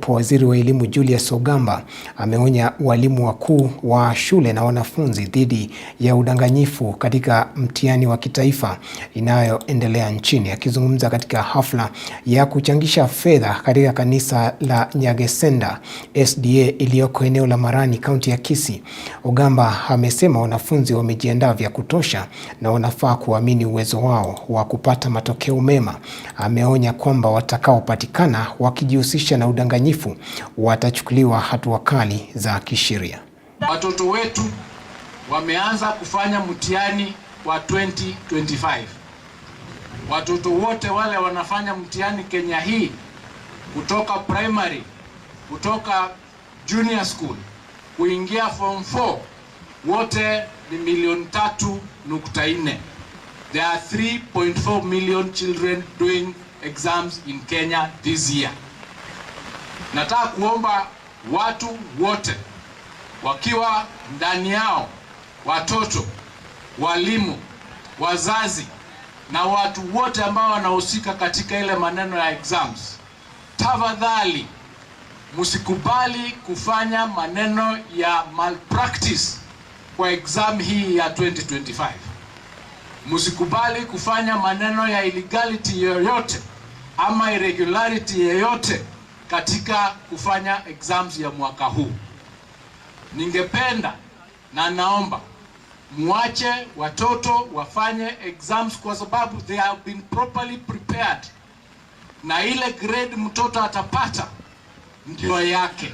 aliyepo waziri wa elimu Julius Ogamba ameonya walimu wakuu wa shule na wanafunzi dhidi ya udanganyifu katika mtihani wa kitaifa inayoendelea nchini. Akizungumza katika hafla ya kuchangisha fedha katika kanisa la Nyagesenda SDA iliyoko eneo la Marani, kaunti ya Kisii, Ogamba amesema wanafunzi wamejiandaa vya kutosha na wanafaa kuamini uwezo wao wa kupata matokeo mema. Ameonya kwamba watakaopatikana wakijihusisha na udanganyifu uhalifu watachukuliwa hatua kali za kisheria. Watoto wetu wameanza kufanya mtihani wa 2025. Watoto wote wale wanafanya mtihani Kenya hii kutoka primary, kutoka junior school kuingia form 4 wote ni milioni tatu nukta nne. There are 3.4 million children doing exams in Kenya this year. Nataka kuomba watu wote wakiwa ndani yao watoto, walimu, wazazi na watu wote ambao wanahusika katika ile maneno ya exams, tafadhali msikubali kufanya maneno ya malpractice kwa exam hii ya 2025. Msikubali kufanya maneno ya illegality yoyote ama irregularity yoyote katika kufanya exams ya mwaka huu. Ningependa na naomba muache watoto wafanye exams kwa sababu they have been properly prepared, na ile grade mtoto atapata ndio yake.